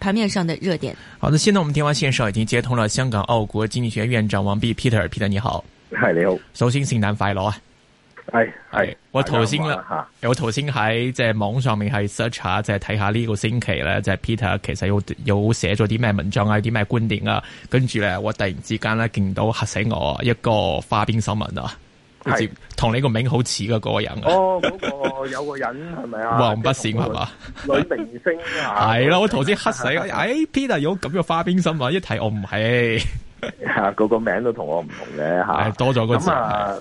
盤面上的熱點。好的，現在我們電話線上已經接通了香港奧國經濟學院長王弼 Peter，Peter 你好，係你好，首先聖誕快樂啊，係係，hi, hi. 我頭先啦吓，我頭先喺即係網上面係 search 下，即係睇下呢個星期咧，即係 Peter 其實有有寫咗啲咩文章啊，有啲咩觀點啊，跟住咧我突然之間咧見到吓死我一個花邊新聞啊！同你個名好似嘅嗰個人哦，嗰、那個有個人係咪 啊？黃不是係嘛？女明星係咯、 啊，我頭先黑死， 哎，Peter 有咁嘅花邊新聞，一睇我唔係吓， 個個名都同我唔同嘅吓，多咗個字係啦。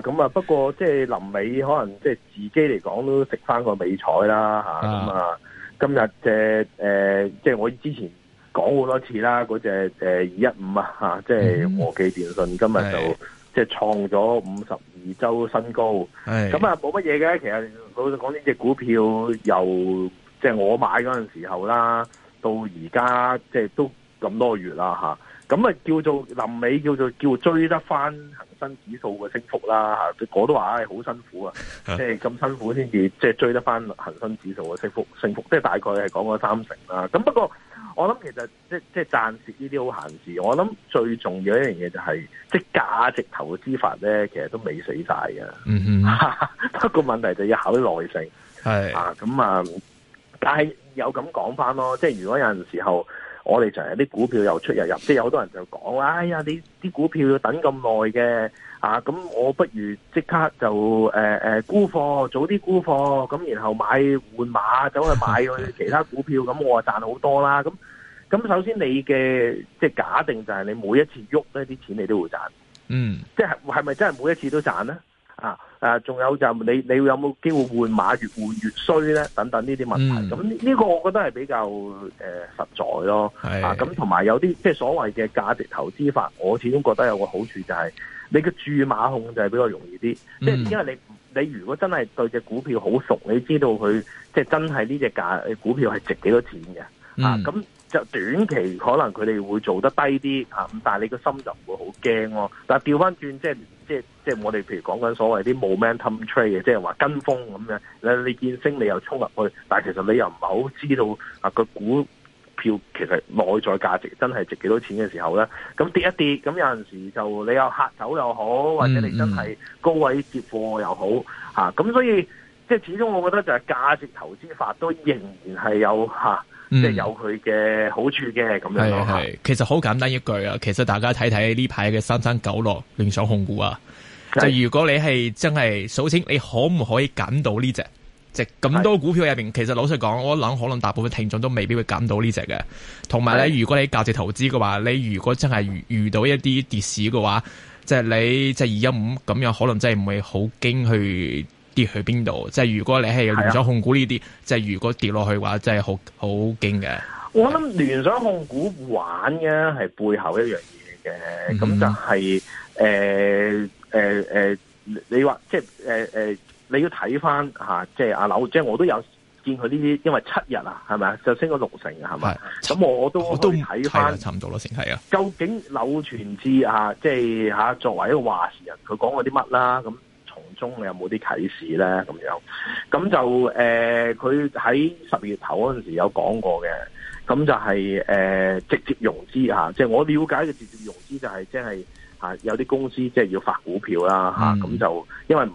咁啊，啊，啊，不過即係臨尾，可能即係自己嚟講都食翻個美彩啦吓。咁啊，啊，今日嘅誒，即、呃、係、就是、我之前講好多次啦，嗰隻誒二一五啊吓，即係和記電訊今日就。嗯即係創咗五十二週新高，咁啊冇乜嘢嘅。其實老實講呢隻股票由即係我買嗰陣時候啦，到而家即係都咁多月啦吓，咁啊叫做臨尾叫做叫追得翻恒生指數嘅升幅啦吓，啊，我都話唉好辛苦， 辛苦啊，即係咁辛苦先至即係追得翻恒生指數嘅升幅升幅，即係大概係講咗三成啦。咁不過。我諗其實即即暫時呢啲好閒事，我諗最重要一樣嘢就係、是、即價值投資法咧，其實都未死晒嘅。嗯哼，不過問題就要考啲耐性係啊。咁啊，但係有咁講翻咯，即係如果有陣時候我哋成日啲股票又出又入，即係有好多人就講，哎呀，你啲股票要等咁耐嘅。啊，咁我不如即刻就誒誒、呃呃、沽貨，早啲沽貨，咁然後買換馬，走去買去其他股票，咁 我啊賺好多啦。咁咁首先你嘅即係假定就係你每一次喐呢啲錢你都會賺。嗯即，即係係咪真係每一次都賺咧？啊誒，仲有就你你有冇機會換馬越換越衰咧？等等呢啲問題。咁、嗯、呢個我覺得係比較誒、呃、實在咯。係。啊，咁同埋有啲即係所謂嘅價值投資法，我始終覺得有個好處就係、是。你嘅注碼控制就比較容易啲，即、嗯、係因為你你如果真係對隻股票好熟，你知道佢即係真係呢隻價股票係值幾多錢嘅，嗯，啊咁就短期可能佢哋會做得低啲，啊咁但你個心就唔會好驚咯。但係掉返翻轉即係即係即係我哋譬如講緊所謂啲 momentum trade 嘅，即係話跟風咁樣，你你見升你又衝入去，但其實你又唔係好知道啊個股。票其實內在價值真係值幾多錢嘅時候咧，咁跌一跌，咁有陣時就你有客走又好，或者你真係高位接貨又好嚇，咁、嗯啊、所以即係始終我覺得就係價值投資法都仍然係有嚇，即、啊、係、就是、有佢嘅好處嘅咁、嗯、樣咯嚇、啊。其實好簡單一句啊，其實大家睇睇呢排嘅三三九六，聯想控股啊，就如果你係真係數清，你可唔可以揀到呢隻？即、就、咁、是、多股票入面，其實老實講，我諗可能大部分聽眾都未必會揀到隻呢隻嘅。同埋咧，如果你價值投資嘅話，你如果真係遇到一啲跌市嘅話，即、就、係、是、你即係二一五咁樣，可能真係唔會好驚去跌去邊度。即、就、係、是、如果你係聯想控股呢啲，即係如果跌落去嘅話，真係好好驚嘅。我諗聯想控股玩嘅係背後一樣嘢嘅，咁、嗯、就係誒誒誒，你話即係誒誒。呃呃你要睇翻吓即係阿柳，即、啊、係、就是啊就是、我都有見佢呢啲，因為七日啊，係咪啊，就升咗六成係咪？咁我都睇翻，差唔多六成。啊，究竟柳傳志啊，即、就、係、是啊、作為一個話事人，佢講過啲乜啦？咁從中你有冇啲啟示咧？咁樣咁就誒，佢、啊、喺十月頭嗰陣時有講過嘅，咁就係、是、誒、啊、直接融資啊！即、就、係、是、我了解嘅直接融資就係即係有啲公司即係要發股票啦咁、嗯啊、就因為。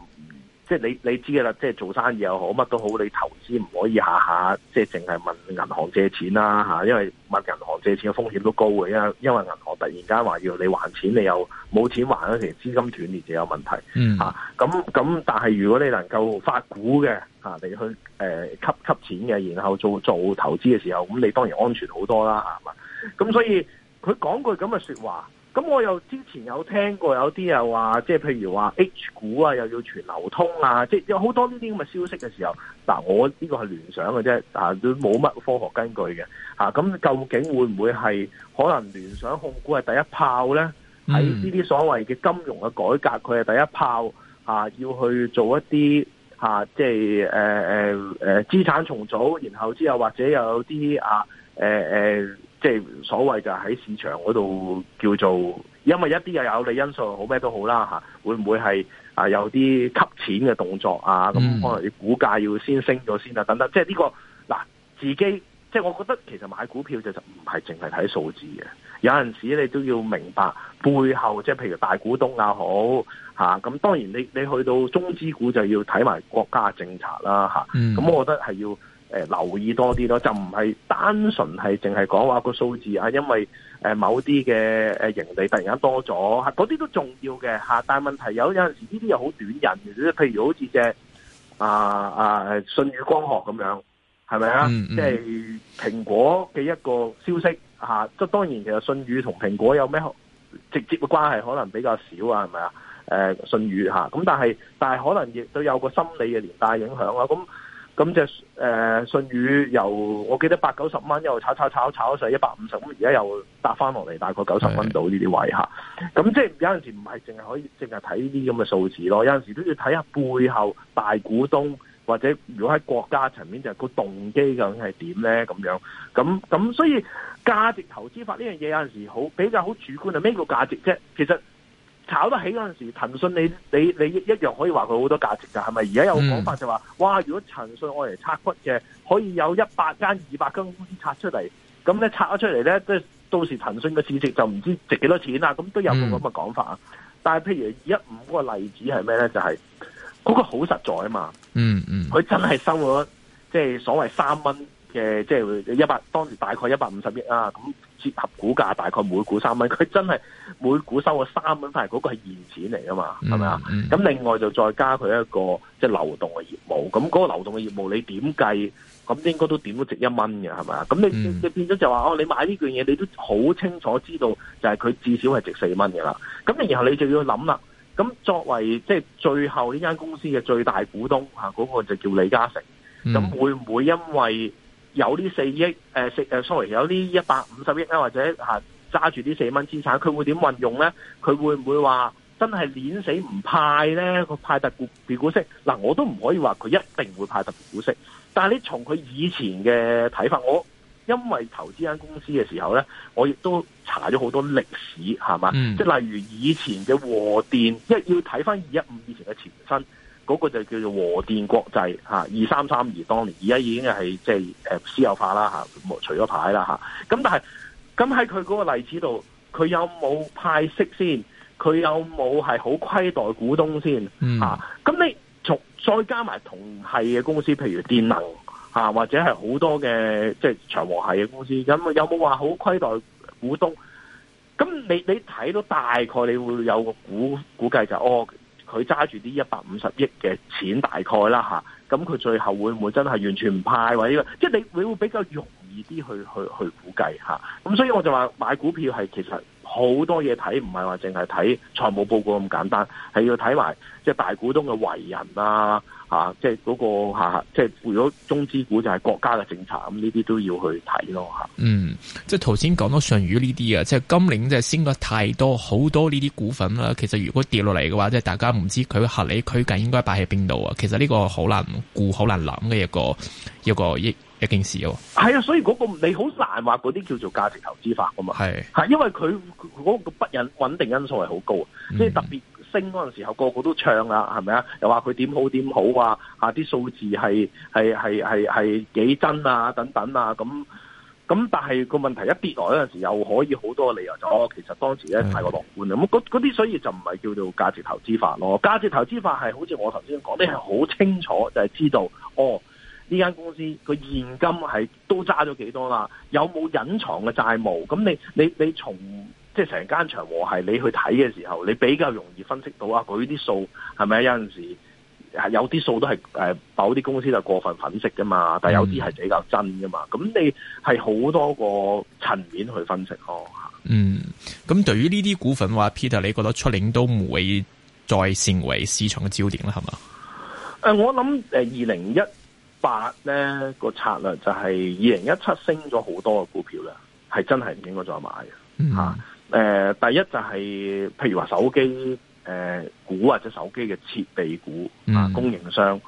即係你你知噶啦，即係做生意又好，乜都好，你投資唔可以下下即係淨係問銀行借錢啦嚇，因為問銀行借錢嘅風險都高嘅，因因為銀行突然間話要你還錢，你又冇錢還，其實資金斷裂就有問題嚇。咁咁、嗯啊，但係如果你能夠發股嘅嚇、啊，你去、呃、吸吸錢嘅，然後做做投資嘅時候，咁你當然安全好多啦嘛。咁、啊啊、所以佢講句咁嘅説話。咁我又之前有聽過有啲又話，即係譬如話 H 股啊，又要全流通啊，即係有好多呢啲咁嘅消息嘅時候，嗱，我呢個係聯想嘅啫，啊，都冇乜科學根據嘅嚇、啊、咁究竟會唔會係可能聯想控股係第一炮咧？喺呢啲所謂嘅金融嘅改革，佢係第一炮、啊、要去做一啲、啊、即係誒誒誒資產重組，然後之後或者有啲啊誒、呃呃即係所謂就喺市場嗰度叫做，因為一啲嘅有利因素好咩都好啦，吓，會唔會係啊有啲吸錢嘅動作啊？咁、嗯、可能你股價要先升咗先啊等等。即係、這、呢個嗱，自己即係我覺得其實買股票就唔係淨係睇數字嘅，有陣時你都要明白背後即係譬如大股東又好吓，咁當然你你去到中資股就要睇埋國家政策啦吓，咁、嗯、我覺得係要。誒、呃，留意多啲咯，就唔係單純係淨係講話個數字啊，因為誒、呃、某啲嘅誒盈利突然間多咗，嗰、啊、啲都重要嘅吓、啊。但係問題有有陣時呢啲又好短人嘅，譬如好似隻啊啊舜宇光學咁樣，係咪啊？即、嗯、係、嗯就是、蘋果嘅一個消息吓，即、啊、當然其實舜宇同蘋果有咩直接嘅關係，可能比較少啊，係咪啊？誒，舜宇吓，咁但係但係可能亦都有個心理嘅連帶影響啊，咁、嗯。咁就誒、呃、信宇由我記得八九十蚊，又炒炒炒炒咗上一百五十蚊，而家又搭翻落嚟大概九十蚊度呢啲位下，咁即係有陣時唔係淨係可以淨係睇呢啲咁嘅數字咯，有陣時都要睇下背後大股東或者如果喺國家層面就係個動機究竟係點咧，咁樣。咁咁所以價值投資法呢樣嘢有陣時好比較好主觀，係咩叫價值啫？其實。炒得起嗰陣時，騰訊你你你一樣可以話佢好多價值噶，係咪？而家有講法就話、是嗯，哇！如果騰訊我嚟拆骨嘅，可以有一百間、二百間公司拆出嚟，咁、嗯、咧拆咗出嚟咧，即係到時騰訊嘅市值就唔知值幾多錢啦。咁都有咁咁嘅講法啊、嗯。但係譬如一五嗰個例子係咩咧？就係、是、嗰、嗰個好實在啊嘛。嗯嗯，佢真係收咗，即、就、係、是所謂三蚊。嘅即係一百，當時大概一百五十億啊，咁結合股價大概每股三蚊，佢真係每股收個三蚊，但係嗰個係現錢嚟啊嘛，係咪啊？咁另外就再加佢一個即係流動嘅業務，咁嗰個流動嘅業務你點計？咁應該都點都值一蚊嘅，係咪啊？咁你你變咗、mm -hmm. 就話哦，你買呢件嘢，你都好清楚知道就係佢至少係值四蚊嘅啦。咁然後你就要諗啦，咁作為即係最後呢間公司嘅最大股東嗰、嗰個就叫李嘉誠，咁會唔會因為？有呢四億，誒、呃、食、呃、sorry 有呢一百五十億或者嚇揸住啲四蚊資產，佢會點運用咧？佢會唔會話真係碾死唔派咧？佢派特別股息，嗱、呃、我都唔可以話佢一定會派特別股息。但係你從佢以前嘅睇法，我因為投資間公司嘅時候咧，我亦都查咗好多歷史，係嘛？即、嗯、係例如以前嘅和電，一要睇翻二一五以前嘅前身。嗰、那個就叫做和電國際嚇，二三三二當年，而家已經係即係私有化啦，除咗牌啦。咁但係，咁喺佢嗰個例子度，佢有冇派息先？佢有冇係好虧待股東先？咁、嗯啊、你再加埋同系嘅公司，譬如電能、啊、或者係好多嘅即係長和系嘅公司，咁有冇話好虧待股東？咁你你睇到大概，你會有個估估計就哦、是。佢揸住啲一百五十億嘅錢，大概啦嚇，咁佢最後會唔會真係完全唔派或者呢個？即係你會會比較容易啲去去去估計嚇。咁所以我就話買股票係其實好多嘢睇，唔係話淨係睇財務報告咁簡單，係要睇埋即係大股東嘅為人啊。吓、啊，即係嗰、那個吓、啊，即係如果中資股就係國家嘅政策，咁呢啲都要去睇咯吓。嗯，即係頭先講到上雨呢啲啊，即係今年即係升得太多，好多呢啲股份啦，其實如果跌落嚟嘅話，即係大家唔知佢合理區間應該擺喺邊度啊。其實呢個好難估、好難諗嘅一個一個一一,一件事咯、啊。係啊，所以嗰個你好難話嗰啲叫做價值投資法啊嘛。係，係，因為佢嗰個不穩穩定因素係好高、嗯，即係特別。升嗰陣時候個個都唱啦，係咪啊？又話佢點好點好啊？啲數字係係係係係幾真啊？等等啊？咁、嗯、咁、嗯，但係個問題一跌落嗰陣時，又可以好多理由就是，哦，其實當時咧太過樂觀咁嗰啲，所以就唔係叫做價值投資法咯。價值投資法係好似我頭先講嘅，係好清楚就係、是、知道哦，呢間公司個現金係都揸咗幾多啦，有冇隱藏嘅債務？咁你你你從？即係成間長和系你去睇嘅時候，你比較容易分析到啊，佢啲數係咪？有陣時有啲數都係，誒，某啲公司就過分粉飾噶嘛，但係有啲係比較真噶嘛。咁、嗯、你係好多個層面去分析咯。嗯，咁對於呢啲股份話，Peter 你覺得出年都唔會再成為市場嘅焦點啦，係嘛？誒、呃，我諗，誒，二零一八咧個策略就係二零一七升咗好多嘅股票咧，係真係唔應該再買、嗯、啊。誒、呃，第一就係、是、譬如話手機誒股或者手機嘅設備股啊、嗯、供應商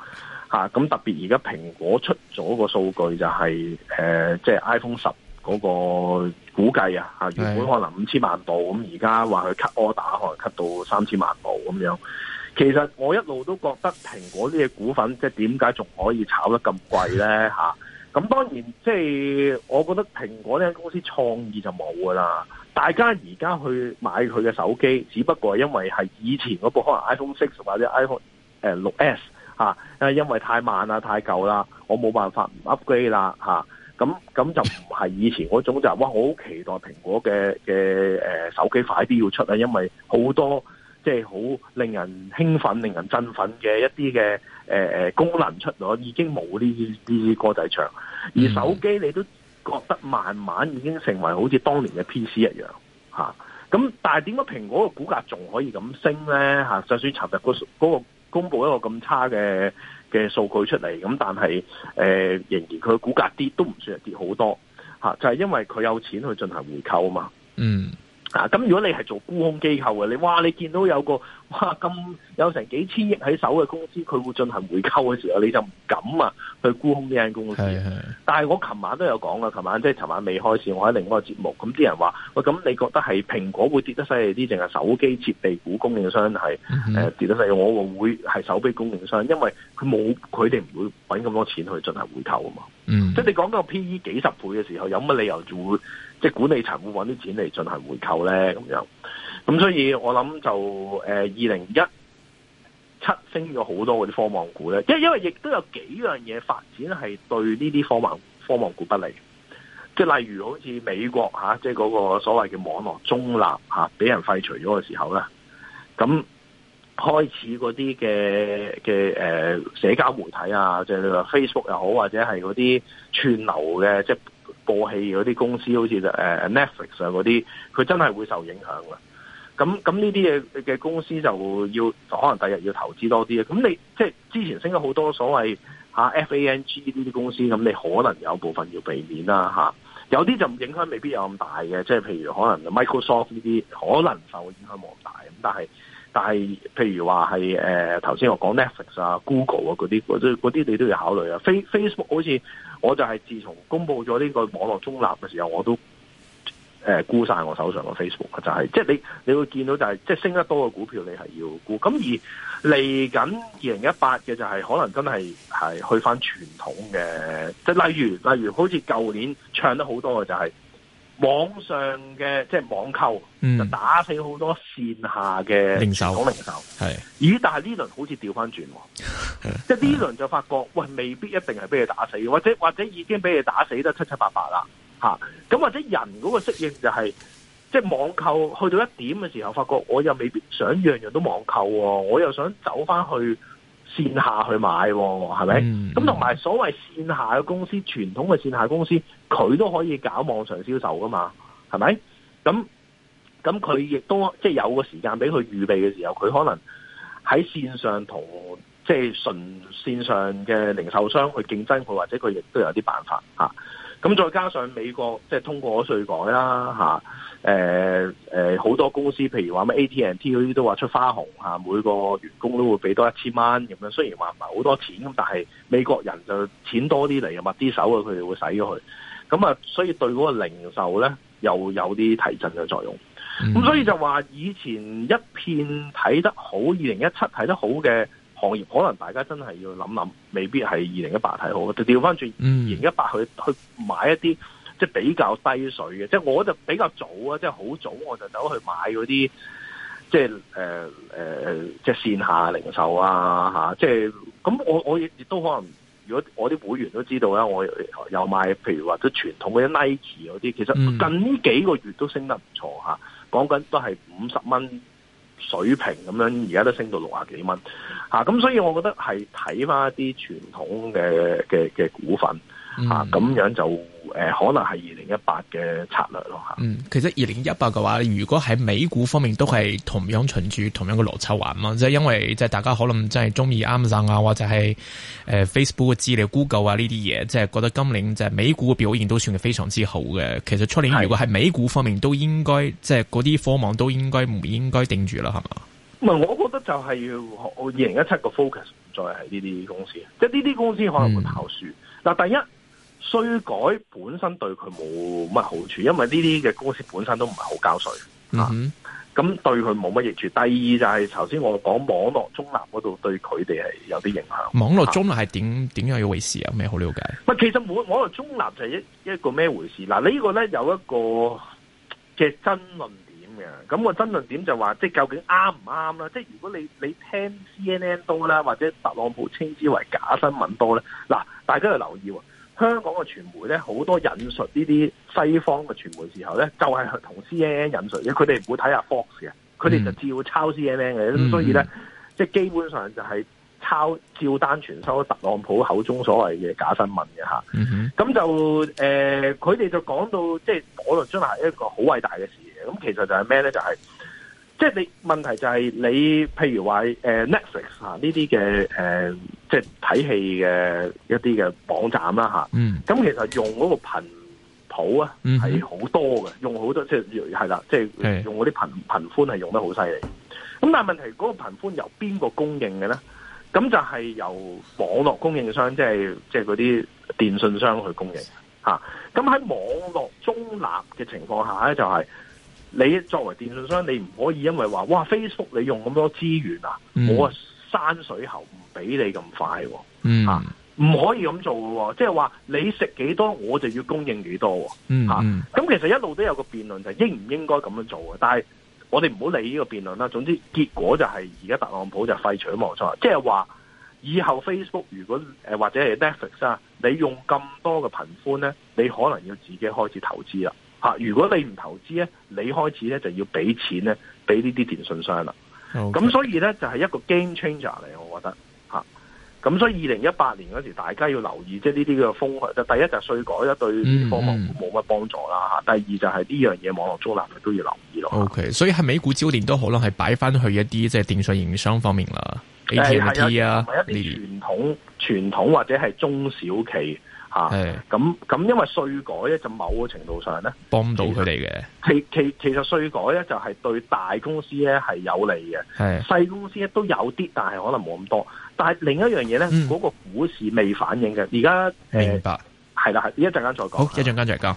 吓，咁、啊、特別而家蘋果出咗個數據就係、是、誒、呃，即係 iPhone 十嗰個估計啊，吓原本可能五千萬部，咁而家話佢 cut order 打可能 cut 到三千萬部咁樣。其實我一路都覺得蘋果呢隻股份即係點解仲可以炒得咁貴咧吓？咁、啊、當然即係我覺得蘋果呢間公司創意就冇噶啦。大家而家去買佢嘅手機，只不過係因為係以前嗰部可能 iPhone Six 或者 iPhone 呃六 S、啊、因為太慢啦、太舊啦，我冇辦法唔 upgrade 啦嚇。咁、啊、咁就唔係以前嗰種就係、哇，好期待蘋果嘅嘅、呃、手機快啲要出啊，因為好多即係好令人興奮、令人振奮嘅一啲嘅、呃、功能出咗，已經冇呢啲呢啲歌仔唱，而手機你都，覺得慢慢已經成為好似當年嘅 PC 一樣吓，咁、啊、但係點解蘋果嘅股價仲可以咁升咧吓、啊？就算尋日嗰個公布一個咁差嘅嘅數據出嚟，咁但係誒、呃，仍然佢股價跌都唔算係跌好多吓、啊，就係、是、因為佢有錢去進行回購啊嘛。嗯。咁、啊、如果你係做沽空機構嘅，你哇！你見到有個哇咁有成幾千億喺手嘅公司，佢會進行回購嘅時候，你就唔敢啊去沽空呢間公司。但係我琴晚都有講啦，琴晚即係琴晚未開始我喺另外個節目。咁啲人話：喂，咁你覺得係蘋果會跌得犀利啲，淨係手機設備股供應商係、嗯啊、跌得犀利？我會係手機供應商，因為佢冇佢哋唔會揾咁多錢去進行回購啊嘛。即、嗯、係你講到 P E 幾十倍嘅時候，有乜理由就.即係管理層會搵啲錢嚟進行回購咧，咁樣，咁所以我諗就誒二零一七升咗好多嗰啲科網股咧，因因為亦都有幾樣嘢發展係對呢啲科網科網股不利，即係例如好似美國嚇，即係嗰個所謂嘅網絡中立嚇，俾、啊、人廢除咗嘅時候咧，咁開始嗰啲嘅嘅誒社交媒體啊，即係你話 Facebook 又好，或者係嗰啲串流嘅即係。就是過氣嗰啲公司，好似就誒 Netflix 啊嗰啲，佢真係會受影響嘅。咁咁呢啲嘢嘅公司就要，可能第日要投資多啲啊。咁你即係之前升咗好多所謂嚇 FANG 呢啲公司，咁你可能有部分要避免啦、啊、嚇、啊。有啲就影響未必有咁大嘅，即係譬如可能 Microsoft 呢啲，可能受影響冇咁大咁，但係。但係，譬如話係誒，頭、呃、先我講 Netflix 啊、Google 啊嗰啲，嗰啲你都要考慮啊。Face Facebook 好似，我就係自從公布咗呢個網絡中立嘅時候，我都誒沽晒我手上個 Facebook 啊，就係、是、即係你你會見到就係、是，即係升得多嘅股票你係要沽。咁而嚟緊二零一八嘅就係，可能真係係去翻傳統嘅，即係例如例如，例如好似舊年唱得好多嘅就係、是。網上嘅即係網購、嗯，就打死好多線下嘅零售講零售係，咦？但係呢輪好似調翻轉，即係呢輪就發覺，喂，未必一定係俾佢打死，或者或者已經俾佢打死得七七八八啦，吓、啊、咁或者人嗰個適應就係、是，即係網購去到一點嘅時候，發覺我又未必想樣樣都網購，我又想走翻去。線下去買，係咪？咁同埋所謂線下嘅公司，傳統嘅線下公司，佢都可以搞網上銷售噶嘛，係咪？咁咁佢亦都即係有個時間俾佢預備嘅時候，佢可能喺線上同即係純線上嘅零售商去競爭，佢或者佢亦都有啲辦法嚇。咁再加上美國即係通過咗稅改啦，嚇，誒誒好多公司，譬如話咩 AT&T 嗰啲都話出花紅嚇，每個員工都會俾多一千蚊咁樣。雖然話唔係好多錢咁，但係美國人就錢多啲嚟又啲手啊，佢哋會使咗去。咁啊，所以對嗰個零售咧又有啲提振嘅作用。咁、嗯、所以就話以前一片睇得好，二零一七睇得好嘅。行業可能大家真係要諗諗，未必係二零一八睇好就調翻轉，二零一八去去買一啲即係比較低水嘅。即係我就比較早啊，即係好早我就走去買嗰啲即係、呃呃、即係線下零售啊。即係咁，我我亦都可能，如果我啲會員都知道啦，我又買，譬如話啲傳統嗰啲 Nike 嗰啲，其實近呢幾個月都升得唔錯。講緊都係五十蚊。啊水平咁樣，而家都升到六十啊幾蚊，吓。咁，所以我覺得係睇翻一啲傳統嘅嘅嘅股份。嗯，咁、啊、樣就誒、呃，可能係二零一八嘅策略咯吓、啊。嗯，其實二零一八嘅話，如果喺美股方面都係同樣循住同樣嘅邏輯玩嘛，即、就、係、是、因為即係大家可能真係中意 Amazon 啊，或者係誒、呃、Facebook 嘅資料、Google 啊呢啲嘢，即係、就是、覺得今年即係美股嘅表現都算係非常之好嘅。其實出年如果喺美股方面都應該，即係嗰啲科網都應該唔應該定住啦，係嘛？唔係，我覺得就係要二零一七個 focus 再係呢啲公司，即係呢啲公司可能會跑輸。嗱、嗯，但第一。衰改本身對佢冇乜好處，因為呢啲嘅公司本身都唔係好交稅。嗯哼，咁、啊、對佢冇乜益處。第二就係頭先我講網絡中立嗰度，對佢哋係有啲影響。網絡中立係點點樣、啊、樣一回事有、啊、咩好了解？其實網絡中立就係一一個咩回事？嗱、啊，呢、這個呢有一個嘅爭論點嘅。咁、那個爭論點就話、是，即係究竟啱唔啱啦？即係如果你你聽 CNN 多啦，或者特朗普稱之為假新聞多呢，嗱、啊，大家要留意。香港嘅傳媒咧，好多引述呢啲西方嘅傳媒時候咧，就係、是、同 C N N 引述嘅，佢哋唔會睇下 Fox 嘅，佢哋就照抄 C N N 嘅，咁、mm -hmm. 所以咧，即係基本上就係抄照單全收特朗普口中所謂嘅假新聞嘅嚇。咁、mm -hmm. 就誒，佢、呃、哋就講到即係我哋真係一個好偉大嘅事嘅，咁其實就係咩咧？就係、是。即係你問題就係你，譬如話誒、呃、Netflix 呢啲嘅誒，即係睇戲嘅一啲嘅網站啦嚇。咁、啊嗯、其實用嗰個頻譜啊，係好多嘅，用好多即係係啦，即係用嗰啲頻頻寬係用得好犀利。咁但係問題嗰個頻寬由邊個供應嘅咧？咁就係由網絡供應商，即係即係嗰啲電信商去供應嚇。咁、啊、喺網絡中立嘅情況下咧，就係、是。你作為電信商，你唔可以因為話哇 Facebook 你用咁多資源啊、嗯，我山水喉唔俾你咁快、啊、吓、嗯、唔、啊、可以咁做嘅、啊，即係話你食幾多我就要供應幾多、啊、吓、啊、咁、嗯嗯啊、其實一路都有個辯論就係應唔應該咁樣做啊？但係我哋唔好理呢個辯論啦。總之結果就係而家特朗普就廢除咗莫塞，即係話以後 Facebook 如果誒、呃、或者係 Netflix 啊，你用咁多嘅頻寬咧，你可能要自己開始投資啦。吓，如果你唔投資咧，你開始咧就要俾錢咧，俾呢啲電信商啦。咁、okay. 所以咧就係、是、一個 game changer 嚟，我覺得嚇。咁所以二零一八年嗰時，大家要留意即係呢啲嘅風向。第一就稅改咧對科技冇乜幫助啦嚇。Mm -hmm. 第二就係呢樣嘢，網絡租賃，你都要留意咯。O、okay. K，所以喺美股焦點都可能係擺翻去一啲即係電信營商方面啦，AT&T 啊呢啲傳統、mm -hmm. 傳統或者係中小企。吓，咁、啊、咁因為稅改咧，就某個程度上咧，幫到佢哋嘅。其其其實稅改咧，就係對大公司咧係有利嘅，細公司咧都有啲，但係可能冇咁多。但係另一樣嘢咧，嗰、嗯，那個股市未反應嘅，而家明白係啦，係一陣間再講，好一陣間再講。